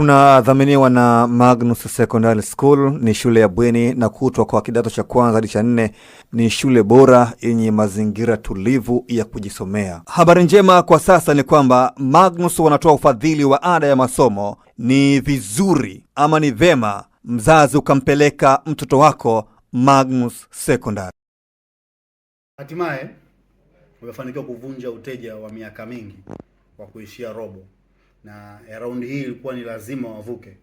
Tunadhaminiwa na Magnus Secondary School. Ni shule ya bweni na kutwa kwa kidato cha kwanza hadi cha nne. Ni shule bora yenye mazingira tulivu ya kujisomea. Habari njema kwa sasa ni kwamba Magnus wanatoa ufadhili wa ada ya masomo. Ni vizuri ama ni vema mzazi ukampeleka mtoto wako Magnus Secondary. Hatimaye umefanikiwa kuvunja uteja wa miaka mingi wa kuishia robo na raundi hii ilikuwa ni lazima wavuke,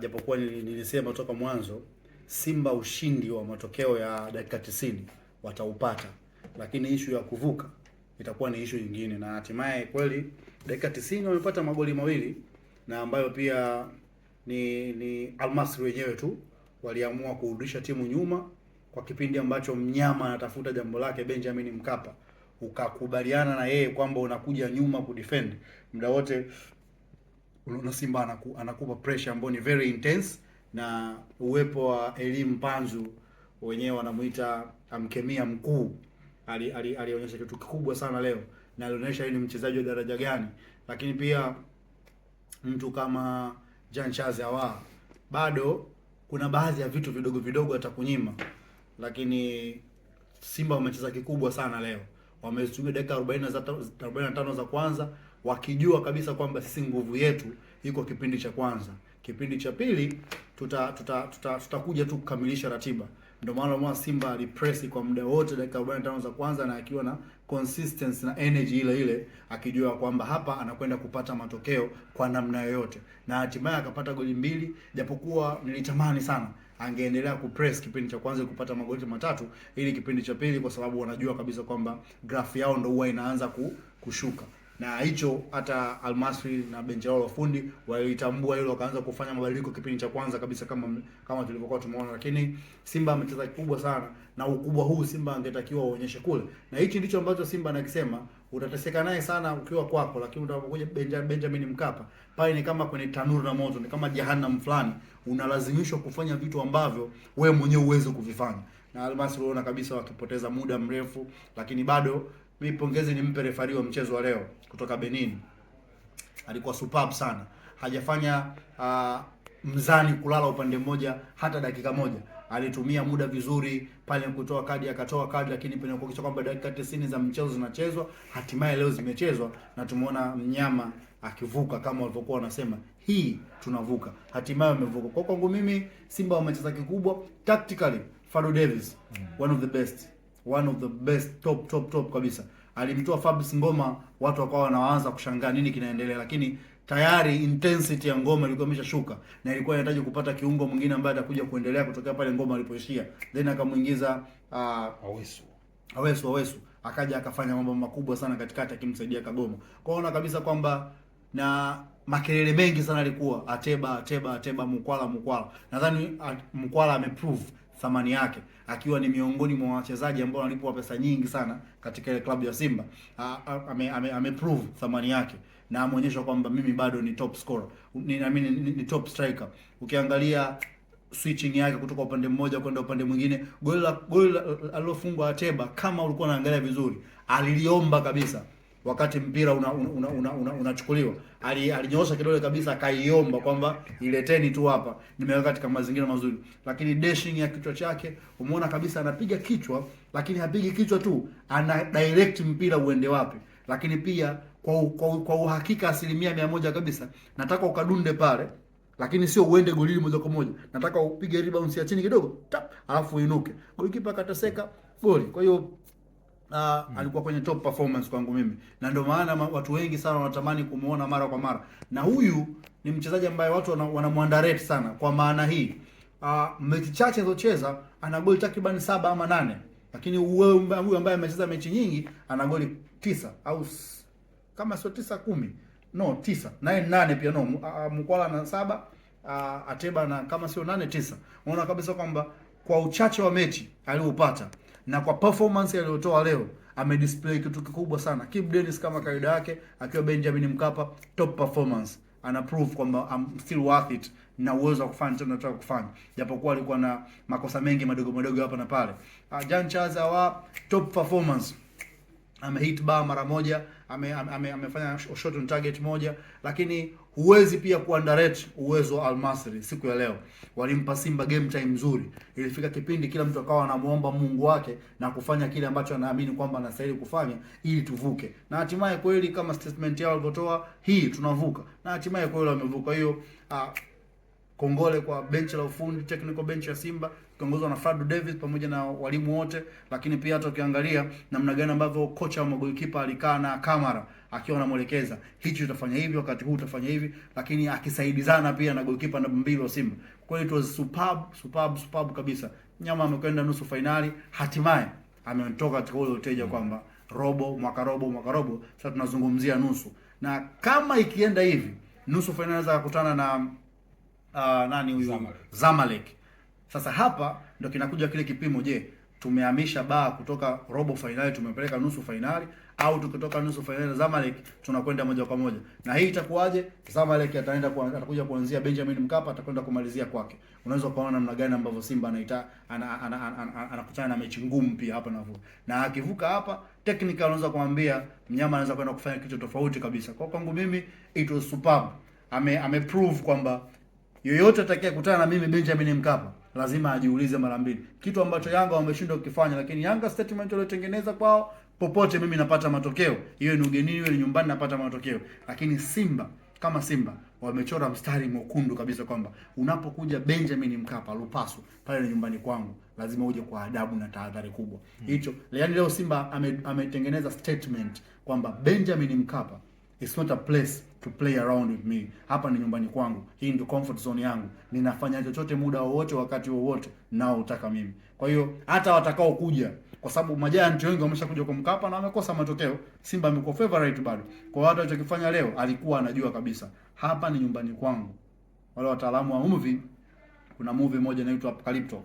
japokuwa nilisema toka mwanzo Simba ushindi wa matokeo ya dakika tisini wataupata, lakini ishu ya kuvuka itakuwa ni ishu nyingine, na hatimaye kweli dakika tisini wamepata magoli mawili na ambayo pia ni ni Almasri wenyewe tu waliamua kurudisha timu nyuma kwa kipindi ambacho mnyama anatafuta jambo lake Benjamin Mkapa ukakubaliana na yeye kwamba unakuja nyuma kudefend muda wote, unaona Simba anaku, anakupa pressure ambayo ni very intense, na uwepo wa elimu Panzu wenyewe wanamuita amkemia mkuu, alionyesha ali, ali kitu kikubwa sana leo na alionyesha yeye ni mchezaji wa daraja gani, lakini pia mtu kama Jean Charles Ahoua bado kuna baadhi ya vitu vidogo vidogo atakunyima, lakini Simba wamecheza kikubwa sana leo wamezitumia dakika 45 za kwanza wakijua kabisa kwamba sisi nguvu yetu iko kipindi cha kwanza. Kipindi cha pili tutakuja tuta, tuta, tuta tu kukamilisha ratiba. Ndio maana mwa Simba alipress kwa muda wote dakika 45 za kwanza, na akiwa na consistency na energy ile ile, akijua kwamba hapa anakwenda kupata matokeo kwa namna yoyote, na hatimaye akapata goli mbili, japokuwa nilitamani sana angeendelea kupress kipindi cha kwanza kupata magoli matatu ili kipindi cha pili, kwa sababu wanajua kabisa kwamba grafu yao ndio huwa inaanza kushuka na hicho hata Almasri na Benjaolo fundi walitambua hilo, wakaanza kufanya mabadiliko kipindi cha kwanza kabisa, kama kama tulivyokuwa tumeona. Lakini Simba amecheza kikubwa sana, na ukubwa huu Simba angetakiwa uonyeshe kule, na hichi ndicho ambacho Simba anakisema. Utateseka naye sana ukiwa kwako, lakini utakapokuja Benja, Benjamin Mkapa pale ni kama kwenye tanuru la moto, ni kama jehanamu fulani, unalazimishwa kufanya vitu ambavyo wewe mwenyewe uweze kuvifanya na Almasri unaona kabisa wakipoteza muda mrefu, lakini bado mimi pongezi ni mpe refari wa mchezo wa leo kutoka Benin, alikuwa superb sana, hajafanya uh, mzani kulala upande mmoja hata dakika moja. Alitumia muda vizuri pale kutoa kadi, akatoa kadi, lakini penye kuhakikisha kwamba dakika 90 za mchezo zinachezwa, hatimaye leo zimechezwa na tumeona mnyama akivuka kama walivyokuwa wanasema, hii tunavuka, hatimaye wamevuka. Kwa kwangu mimi Simba wamecheza kikubwa tactically. Fadlu Davis one of the best one of the best top top top kabisa. Alimtoa Fabs Ngoma, watu wakawa wanaanza kushangaa nini kinaendelea, lakini tayari intensity ya ngoma ilikuwa imeshashuka na ilikuwa inahitaji kupata kiungo mwingine ambaye atakuja kuendelea kutokea pale ngoma alipoishia, then akamuingiza uh, ah, Awesu Awesu Awesu akaja akafanya mambo makubwa sana katikati akimsaidia Kagoma. Kwa ona kabisa kwamba na makelele mengi sana alikuwa ateba ateba ateba Mkwala Mkwala, nadhani ah, Mkwala ameprove thamani yake, akiwa ni miongoni mwa wachezaji ambao wanalipwa pesa nyingi sana katika ile klabu ya Simba. Ame, ame, ame prove thamani yake na ameonyesha kwamba mimi bado ni top scorer, ni, I ni, ni top striker. Ukiangalia switching yake kutoka upande mmoja kwenda upande mwingine, goli la goli alilofungwa Ateba, kama ulikuwa unaangalia vizuri, aliliomba kabisa wakati mpira unachukuliwa una, una, una, una ali- alinyoosha kidole kabisa akaiomba kwamba ileteni tu hapa, nimeweka katika mazingira mazuri, lakini dashing ya kichwa chake umeona kabisa, anapiga kichwa, lakini hapigi kichwa tu, ana direct mpira uende wapi. Lakini pia kwa, kwa, kwa uhakika asilimia mia moja kabisa, nataka ukadunde pale, lakini sio uende golini moja kwa moja, nataka upige rebound ya chini kidogo tap, alafu inuke, golikipa akateseka goli. Kwa hiyo na mm. alikuwa kwenye top performance kwangu mimi, na ndio maana watu wengi sana wanatamani kumuona mara kwa mara, na huyu ni mchezaji ambaye watu wana sana kwa maana hii uh, mechi chache zocheza ana goli takriban saba ama nane, lakini huyu ambaye amecheza mechi nyingi ana goli tisa au kama sio tisa kumi, no tisa nine nane pia no, Mkwala na saba Ateba na kama sio nane tisa. Unaona kabisa kwamba kwa uchache wa mechi aliopata na kwa performance aliyotoa leo amedisplay kitu kikubwa sana. Kibu Dennis kama kawaida yake akiwa Benjamin Mkapa, top performance, ana prove kwamba I'm still worth it na uwezo wa kufanya tena nataka kufanya, japokuwa alikuwa na makosa mengi madogo madogo hapa na pale. Ah, Jan Chaza wa top performance amehit bar mara moja, ame, ame, amefanya shot on target moja, lakini huwezi pia kuunderrate uwezo wa Al-Masry. Siku ya leo walimpa Simba game time nzuri, ilifika kipindi kila mtu akawa anamuomba Mungu wake na kufanya kile ambacho anaamini kwamba anastahili kufanya ili tuvuke, na hatimaye kweli kama statement yao walivyotoa hii, tunavuka na hatimaye kweli wamevuka. Hiyo uh, kongole kwa benchi la ufundi, technical bench ya Simba kiongozwa na Fadlu Davis pamoja na walimu wote, lakini pia hata ukiangalia namna gani ambavyo kocha wa magolikipa alikaa na kamera akiwa anamwelekeza hichi utafanya hivi, wakati huu utafanya hivi, lakini akisaidizana pia na golikipa namba mbili wa Simba. Kwa hiyo it was superb, superb, superb kabisa. Nyama amekwenda nusu fainali, hatimaye ametoka katika ule uteja kwamba robo mwaka robo mwaka robo, sasa tunazungumzia nusu, na kama ikienda hivi nusu fainali za kukutana na uh, nani huyu Zamalek. Zamalek sasa hapa ndo kinakuja kile kipimo. Je, tumehamisha baa kutoka robo fainali tumepeleka nusu fainali, au tukitoka nusu fainali Zamalek tunakwenda moja kwa moja? Na hii itakuwaje? Zamalek ataenda kwa, atakuja kuanzia Benjamin Mkapa, atakwenda kumalizia kwake. Unaweza kuona namna gani ambavyo Simba anaita anakutana ana, ana, ana, ana, ana na mechi ngumu pia hapa na na, akivuka hapa technical, unaweza kumwambia mnyama anaweza kwenda kufanya kitu tofauti kabisa. Kwa kwangu mimi it was superb, ame, ame prove kwamba yoyote atakayekutana na mimi Benjamin Mkapa lazima ajiulize mara mbili, kitu ambacho Yanga wameshindwa kukifanya. Lakini Yanga statement waliotengeneza kwao, popote mimi napata matokeo, hiyo ni ugenini, hiyo ni nyumbani, napata matokeo. Lakini Simba kama Simba wamechora mstari mwekundu kabisa kwamba unapokuja Benjamin Mkapa Lupasu pale ni nyumbani kwangu, lazima uje kwa adabu na tahadhari kubwa hmm. hicho. Hmm. Yaani leo Simba ametengeneza ame statement kwamba Benjamin Mkapa It's not a place to play around with me. Hapa ni nyumbani kwangu, hii ndio comfort zone yangu. Ninafanya chochote muda wowote, wakati wowote nao utaka mimi. Kwa hiyo hata watakao kuja, kwa sababu majanti wengi wameshakuja kwa Mkapa na wamekosa matokeo. Simba amekuwa favorite bado. Kwa hiyo hata alichokifanya leo, alikuwa anajua kabisa hapa ni nyumbani kwangu. Wale wataalamu wa movie, kuna movie moja inaitwa Apocalypto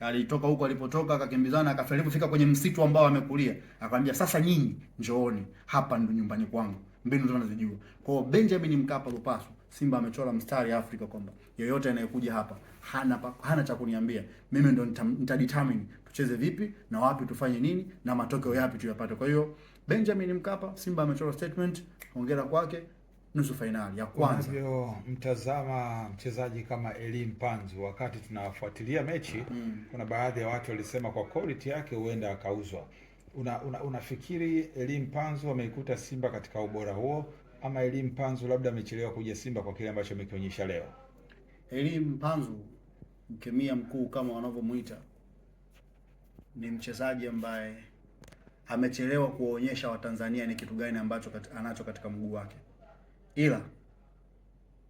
alitoka huko alipotoka akakimbizana akafika, fika kwenye msitu ambao amekulia akamwambia, sasa nyinyi njooni hapa, ndo nyumbani kwangu, mbinu zote nazijua. Kwa hiyo Benjamin Mkapa Lupaso, Simba amechora mstari Afrika kwamba yeyote anayekuja hapa hana hana cha kuniambia mimi, ndo nitadetermine tucheze vipi na wapi tufanye nini na matokeo yapi tuyapate. Kwa hiyo Benjamin Mkapa, Simba amechora statement, hongera kwake nusu fainali ya kwanza. mtazama mchezaji kama Eli Mpanzu, wakati tunafuatilia mechi mm, kuna baadhi ya watu walisema kwa quality yake huenda akauzwa. Una, una, unafikiri Eli Mpanzu ameikuta Simba katika ubora huo ama Eli Mpanzu labda amechelewa kuja Simba kwa kile ambacho amekionyesha leo? Eli Mpanzu mkemia mkuu kama wanavyomuita ni mchezaji ambaye amechelewa kuwaonyesha Watanzania ni kitu gani ambacho kat, anacho katika mguu wake ila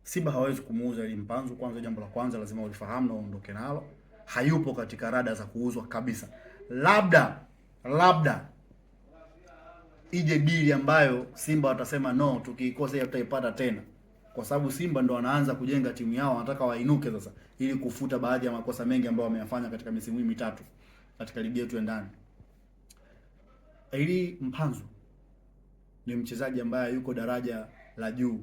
Simba hawezi kumuuza ili Mpanzu. Kwanza, jambo la kwanza lazima ulifahamu na uondoke nalo, hayupo katika rada za kuuzwa kabisa. Labda labda ije dili ambayo Simba watasema no, tukiikosa hiyo tutaipata tena, kwa sababu Simba ndo wanaanza kujenga timu yao, wanataka wainuke sasa, ili kufuta baadhi ya makosa mengi ambayo wameyafanya katika misimu hii mitatu katika ligi yetu ya ndani. Ili Mpanzu ni mchezaji ambaye yuko daraja la juu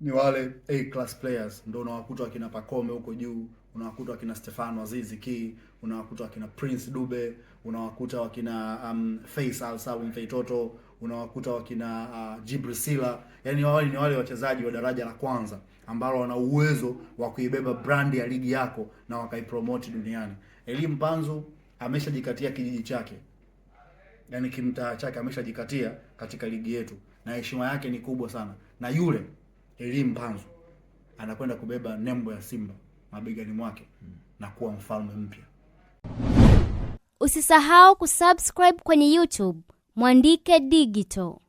ni wale A class players, ndio unawakuta wakina Pakome huko juu, unawakuta wakina Stefano Azizi Ki, unawakuta wakina Prince Dube, unawakuta wakina um, Faisal Salum Feitoto, unawakuta wakina uh, Jibril Sila. Yani wale ni wale wachezaji wa daraja la kwanza ambao wana uwezo wa kuibeba brandi ya ligi yako na wakaipromote duniani. Elie Mpanzu ameshajikatia kijiji chake yani kimtaa chake ameshajikatia katika ligi yetu, na heshima yake ni kubwa sana, na yule elimu panzu anakwenda kubeba nembo ya Simba mabegani mwake na kuwa mfalme mpya. Usisahau kusubscribe kwenye YouTube Mwandike Digital.